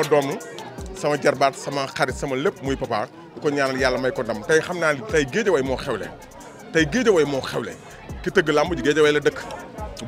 sama doom sama sama xarit sama lépp muy papa di ko ñaanal yàlla may ko ndam xam naa ne tey géejawaay moo xewle tey géejawaay moo xewle ki tëgg làmb ji géejawaay la dëkk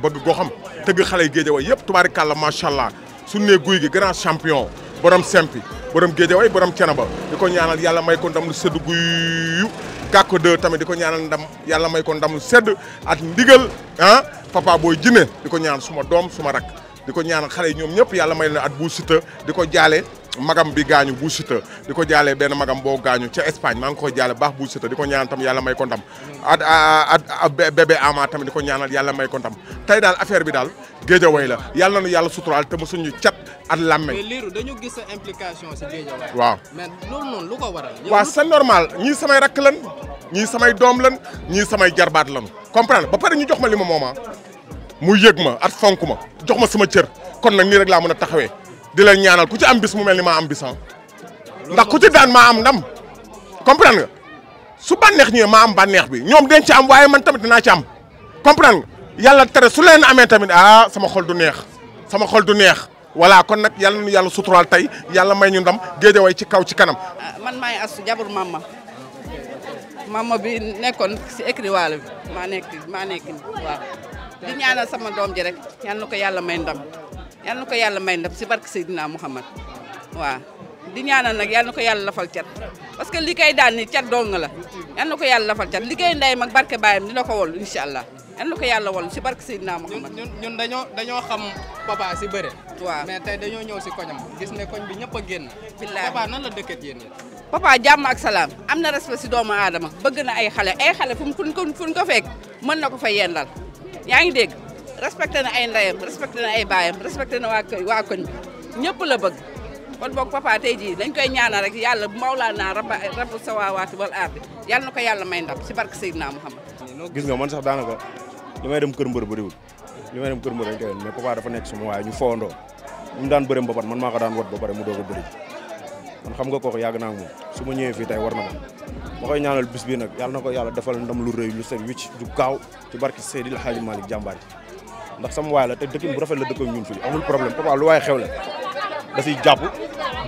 bëgg goxam tëgg xale yi géejawaay yëpp tubaarikàlla macha allah suñu nee guy gi grand champion borom sempi borom géejawaay borom canaba di ko yàlla may ko ndam lu sedd guyu gàkko de tamit di ko ñaanal ndam yàlla may ko ndam lu sedd at ndigal ah papa booy jinne di ko ñaan suma doom suma rak di ko ñaanal xale yi ñoom ñëpp yàlla may na at bu Siteu di ko jaale magam bi gaañu bu Siteu di ko jaale benn magam boo gaañu ca Espagne maa ngi koy jaale baax bu Siteu di ko ñaanal tam yàlla may ko ndam at at bébé ama tamit di ko ñaanal yàlla may ko ndam tey daal affaire bi daal géejawaay la yàlla na nu yàlla suturaal te mosuñu cat at làmmeñ. mais Lirou dañu gis sa implication ci géejawaay. waaw mais loolu noonu lu ko waral. waaw c'est normal ñii samay rakk lan ñii samay doom lan ñii samay jarbaat lan comprendre ba pare ñu jox ma li ma mooma ah. mu yëg ma at fonk ma jox ma sama cër kon nag nii rek laa mën a taxawee di leen ñaanal ku ci am bis mu mel ni maa am bisan ah. ndax ku ci daan ma am ndam comprendre nga su bànneex ñëwee ma am bànneex bi ñoom den ci am waaye man tamit dinaa ci am comprendre nga yàlla tere su leen amee tamit ah sama xol du neex sama xol du neex voilà kon nag yàlla nu yàlla suturaal tey yàlla may ñu ndam Guédiawaye ci kaw ci kanam. Ah, man maay asu jabar mama mama bi nekkoon si écrit waalo bi maa n maa nekk waaw. di ñaanal sama doom ji rek yal na ko yàlla may ndam yal na ko yàlla may ndam si barke Seydina Muhammad waaw di ñaanal nag yal na ko yàlla lafal cat parce que li koy daan ni cat dong la yal na ko yàlla lafal cat li koy ndey mag barke baayam na ko wol incha allah yal na ko yàlla wol si barke Seydina Muhammad ñun ñun dañoo dañoo xam papa si bëre waaw mais tey dañoo ñëw si koñam gis ne koñ bi ñëpp a génn billaahi papa nan la dëkkat yéen papa jàmm ak salaam am na respect si doomu aadama bëgg na ay xale ay xale fu mu fu ko fekk mën na ko fa yendal yaa ngi dégg respecté na ay ndeyam respecté na ay baayam respecté na waa koñ waa koñ ñëpp la bëgg kon boog papa tey jii dañ koy ñaanal rek yàlla mawlaana rabba rabbu sawawaati wal ardi yàlla na ko yàlla may ndam si barke Seydina Muhammad gis nga man sax daanaka li may dem kër mbër bëriwul li may dem kër mbër dañ koy mais papa dafa nekk suma waaye ñu fowandoo mu daan bëri mbapat man maa ko daan wat ba pare mu doog a bëri kon xam nga kooku yàgg naa moom su ma ñëwee fii tey war na ma ma koy ñaanal bis bi nag yàlla na ko yàlla defal ndam lu rëy lu set wicc du kaaw ci barki Seydil Hadji Malick jàmbaar ji ndax sama waay la te dëkkin bu rafet la dëkkoon ñun fii amul problème papa lu waaye xew la da jàpp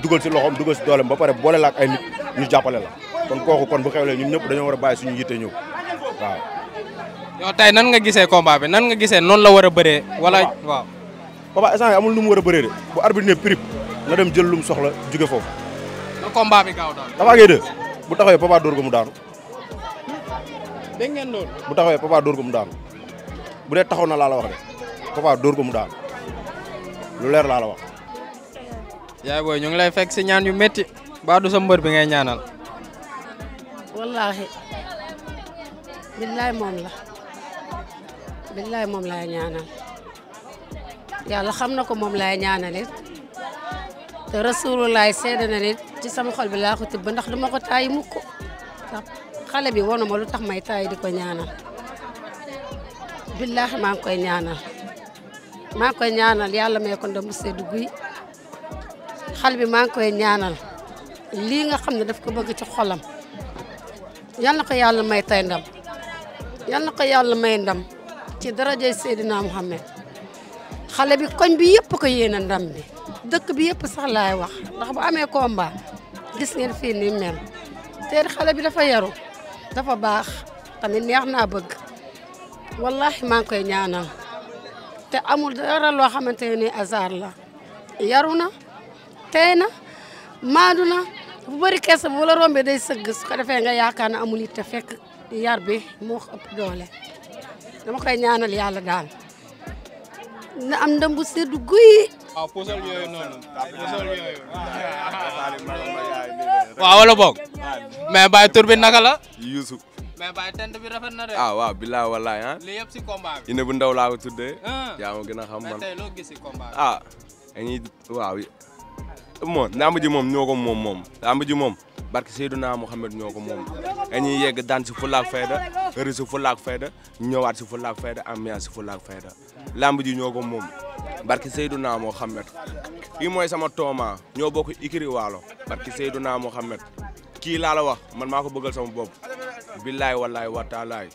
dugal si loxoom dugal si dooleem ba pare boole la ak ay nit ñu jàppale la kon kooku kon bu xewlee ñun ñëpp dañoo war a bàyyi suñu yitte ñëw waaw. yow tey nan nga gisee combat bi nan nga gisee noonu la war a bëree. wala waaw. papa instant amul lu mu war a bëree de bu arbitre ne prip na dem jël lu mu soxla jóge foofu combat bi gaaw daal. Tapha Gueye 2 bu taxawee Papa dóor ko mu daanu. ngeen loolu. bu taxawee Papa dóor mu daanu bu dee taxaw na laa la wax de Papa dóor ko mu daanu lu leer laa la wax. yaay booy ñu ngi lay fekk si ñaan yu metti ba du sa mbër bi ngay ñaanal. wallaahi. billaay moom la. billaay moom laay ñaanal. yàlla xam na ko moom la ñaanal it te rasulullah seede na ci sama xol bi laa ko tibb ndax duma ko taay mukk ndax xale bi wonu ma lu tax may taay di ko ñaanal billaahi maa ngi koy ñaanal maa ngi koy ñaanal yàlla may ko mu sedd guy xale bi maa ngi koy ñaanal lii nga xam ne daf ko bëgg ci xolam yal na ko yàlla may tay ndam yal na ko yàlla may ndam ci darajay Seydina Muhammad xale bi koñ bi yëpp ko yéene ndam mi dëkk bi yëpp sax laay wax ndax bu amee combat gis ngeen fii ni mel te xale bi dafa yaru dafa baax tamit neex naa bëgg wallahi maa ngi koy ñaanal te amul dara loo xamante ne hasard la yaru na tey na maadu na bu bëri kees bu la rombee day sëgg su ko defee nga yaakaar ne amul it te fekk yar bi moo ko doole dama koy ñaanal yàlla daal na am ndam bu seddu guyi Ah, waaw puusal yooyu wala boog. mais Baye tur bi naka la. Youssou. bilaa walaay ah. lii yëpp si bu ndaw laa ko tuddee. Ah. yaa ma gën a xam man tey loo gis si ah, moom lamb moom moom moom lamb moom barke Seydina Mouhamed ñoo moom dañuy yegg daan si fulla fayda heure si fulla ak fayda ñëwaat si fulla fayda ambiance si fulla fayda lamb ji ñoo ko moom barki Seydina Mohamed kii mooy sama tooma ñoo bokk ikiri waalo barki Seydina Mohamed kii laa la wax man maa ko bëggal sama bopp billaay wallaay wataalaay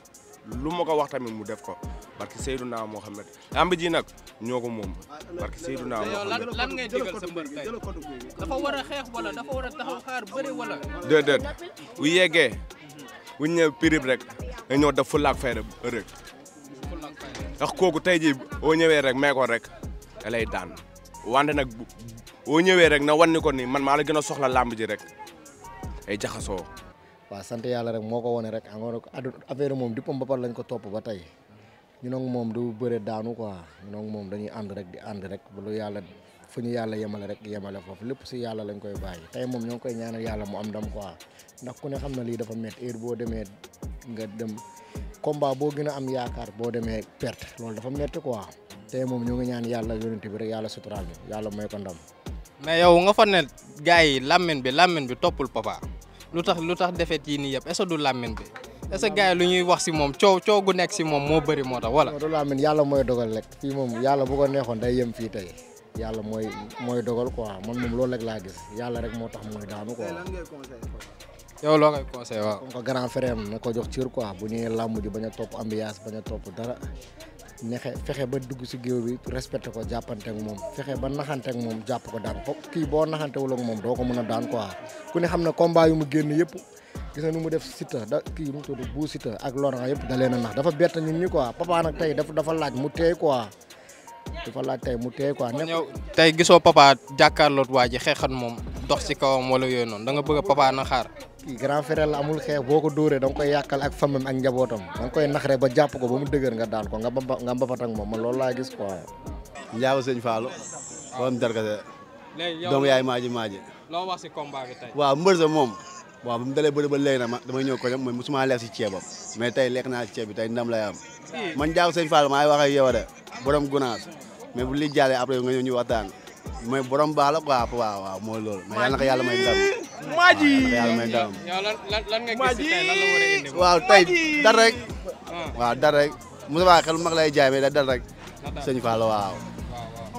lu ma ko wax tamit mu def ko barki Seydina Mohamed lamb ji nag ñoo ko moom barki Seydina Mohamed lan ngay digal sa dafa war a xeex dafa war a taxaw xaar bëri wala déedéet bu yeggee bu rek dañoo def fulaak fayda rek ndax kooku tey jii boo ñëwee rek mee ko rek da lay daan wante nag boo ñëwee rek na wan ni ko ni man maa la gën a soxla làmb ji rek ay jaxasoo. waa sant yàlla rek moo ko wane rek encore affaire moom dippam ba pare lañ ko topp ba tey ñu moom du bëre daanu quoi ñu nag moom dañuy ànd rek di ànd rek ba lu yàlla fu ñu yàlla yemale rek yemale foofu lépp si yàlla lañ koy bàyyi tey moom ñoo koy ñaanal yàlla mu am ndam quoi ndax ku ne xam na lii dafa métti heure boo demee nga dem combat boo gën a am yaakaar boo demee perte loolu dafa metti quoi tey moom ñu ngi ñaan yàlla yonent bi rek yàlla suturaal ñu yàlla may ko ndam. mais yow nga fa ne gars yi làmmiñ bi làmmiñ bi toppul papa lu tax lu tax defet yi nii yëpp est-ce du làmmiñ bi ñuy wax si moom coow coow gu nekk si moom moo bëri moo tax wala. du làmmiñ yàlla mooy dogal rek fii moom yàlla ko neexoon day yem fii tey yàlla mooy mooy dogal quoi man moom loolu rek laa gis yàlla rek moo tax mooy daanu quoi. yow loo koy conseillé waaw. kon ko grand frère na ko jox cër quoi bu ñuy làmb ji bañ a topp ambiance bañ a topp dara nexe fexe ba dugg si géew bi respecté ko jàppante ak moom fexe ba naxante ak moom jàpp ko daan ko kii boo naxantewul ak moom doo ko mën a daan quoi ku ne xam ne combat yu mu génn yëpp gis na nu mu def Siteu da kii mu tudd buu Siteu ak Laurent yëpp da leen a nax dafa bett ñun ñi quoi papa nag tey dafa dafa laaj mu teey quoi dafa laaj tey mu teey quoi. ñëw tey gisoo papa jàkkaarloot waa ji xeexat moom dox si kawam wala yooyu noonu da nga bëgg papa na xaar. kii grand frère amul xeex boo ko dóoree da nga koy yàqal ak famam ak njabootam da nga koy naxare ba jàpp ko ba mu dëgër nga daan ko nga ba nga mbapat ak moom man loolu laa gis quoi. Ndiago sëñ Fallou. yaay maaji maaji. loo wax si combat bi tey. waaw moom. waaw mu dalee bëri ba léegi nag ma damay ñëw ko ñoom mooy mosuma lekk si ceebam mais tey lekk naa si ceeb bi tey ndam la am man Ndiago sëñ Fallou maa ngi wax ak yow de borom gunaas mais bu li jàllee après nga ñëw ñu waxtaan mais borom baax la quoi waaw waaw mooy loolu mais yàlla na ko yàlla may ndam maaji maaji waaw tey dara rek. Ah. waaw dara rek Moussa Ba xel mag lay jaay mais da dara rek sëñ Fall waaw.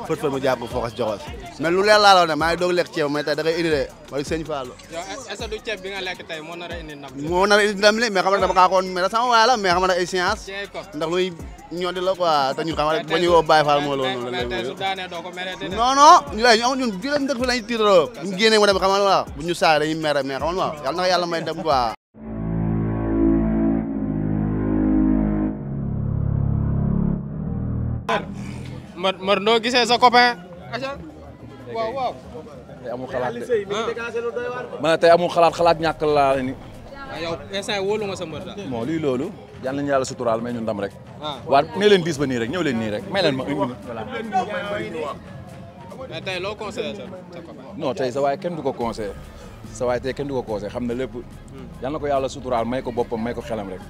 fët fët mu jàpp fooxas joxos mais lu leer laa la ne maa ngi doog lekk ceeb mais tey da ngay indi de mooy sëñ Fallou. yow est-ce que du ceeb bi nga lekk tey moo nar a indi ndam. moo nar a indi ndam li mais xam nga dama kaa koon mais sama waay la mais xam nga ay science. ndax luy ñoo di la quoi te ñun xam nga ba ñu woo Baye Fall moo la woon non non ñu ñu amul ñun fii lañ dëkk fi lañ tiitaroo ñu génnee ñu saa dañuy mere mais xam nga waaw yàlla na may dem quoi Mar Mar noo gisee sa copain waaw waaw tey amul xalaat de laa Ah, yow instant wóolu nga sa mbër daal. bon lii loolu yal yàlla suturaal may ñu ndam rek. Ah. waaw nee leen diis ba nii rek ñëw leen nii ma une minute voilà. mais tey loo conseillé sa non tey kenn du ko conseillé sa waay tey kenn du ko conseillé xam na lépp. Hmm. yal na ko yàlla suturaal may ko boppam may ko xelam rek.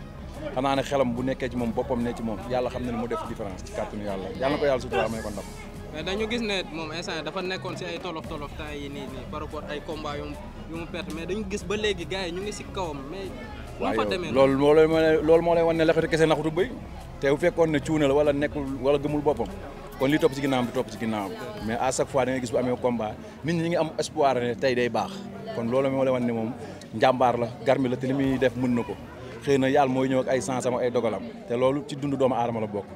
xanaa ne xelam bu nekkee ci moom boppam ne ci moom yàlla xam na ne mu def différence ci kàttanu yàlla yal na ko yàlla suturaal may ko ndam. mais dañu gis ne moom instant dafa nekkoon si ay tolof tolof temps yi nii nii par rapport ay combat yu mu yu mais dañu gis ba léegi gars yi ñu ngi si kawam mais. waaw loolu moo lay loolu moo lay wan ne laxatu kese naxatu bëy te bu fekkoon ne cuune la wala nekkul wala gëmul boppam kon li topp ci ginnaawam bi topp ci ginnaawam mais à chaque fois da ngay gis bu amee combat nit ñi ngi am espoir ne tey day baax kon loolu moo lay wan ne moom njàmbaar la garmi la te li muy def mën na ko xëy na yàlla mooy ñëw ak ay sansam ay dogalam te loolu ci dund doomu aadama la bokk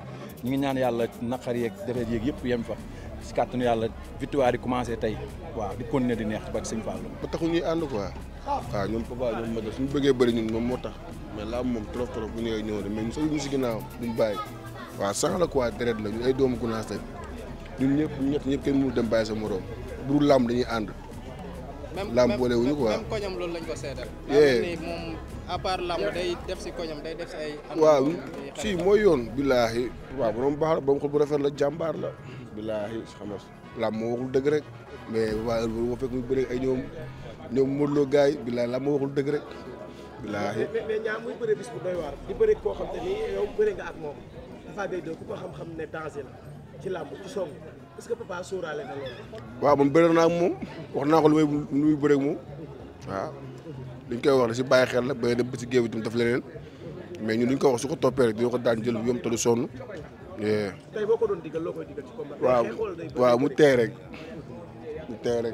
ñu ngi ñaan yàlla naqar yeeg defet yeeg yëpp yem fa si kàttanu yàlla victoire yi commencé tey waaw di continuer di neex ci bak sëñ Fallou ba taxul ñuy ànd quoi waaw ah, ñoom papa ñoom mag suñu bëggee bëri ñun moom moo tax mais laa moom trop trop bu ñëwee ñëw de mais ñu sax ñu si ginnaaw duñ bàyyi waaw sang la quoi deret la ñun ay doomu gunaas lañ ñun ñëpp ñett ñëpp kenn mënul dem bàyyi sa morom bu dul làmb dañuy ànd làmb boolewuñu quoi même koñam loolu lañ ko seedal à part làmb day def si koñam day def si ay. waaw si mooy yoon. billaahi waaw borom baax la borom xol bu rafet la jàmbaar la. billaahi xam nga làmb moo waxul dëgg rek. mais waaye bu ma fekk muy bëri ay ñoom billaahi làmb moo muy bëri bis bu doy waar. di bëri koo xam ne danger la ci làmb ci song est-ce que papa sóoraale na loolu. waaw man bëri naa ak moom wax naa ko lu muy muy bëri moom waaw. dañ koy wax la si bàyyi xel la bay dem ba si géew itam daf leneen mais ñun duñ ko wax su ko toppee rek dina ko daan jël bu yom mu tey rek mu tey rek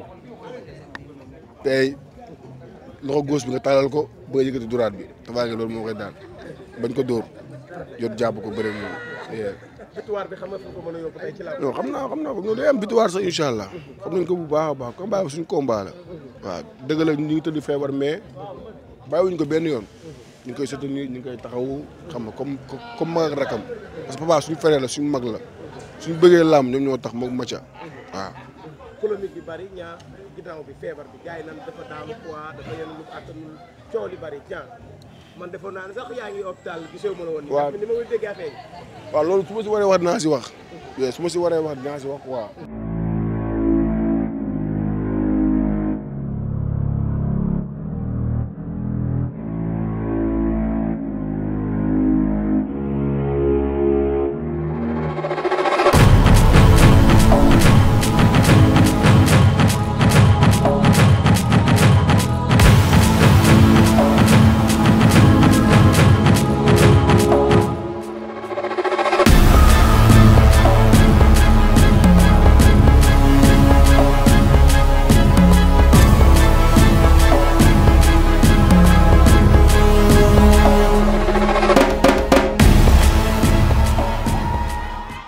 tey loxo góos bi nga taalal ko ba nga yëkkati duraat bi te loolu moo koy daan bañ ko dóor jot jàpp ko bëri moom. xam nga ko a yóbbu tey ci xam naa xam naa ko ñun day am allah. xam nañ ko bu baax a baax combat suñu combat la. waaw dëgg la ñu ngi tëdd feebar mais bàyyiwuñ ko benn yoon. ñu ngi koy soutenir ñu ngi koy taxawu xam nga comme comme mag ak rakam parce que suñu frère la suñu mag la suñu bëggee laam ñoom ñoo tax moom macha waaw. colomique bi bari bi feebar bi gars yi nan man defoon naa ne sax yaa ngi hôpital gisoo ma la woon. waaw ni ma wul déggee affaire yi. waaw loolu su ma si wax dinaa wax. su ma si waree wax dinaa si wax waaw.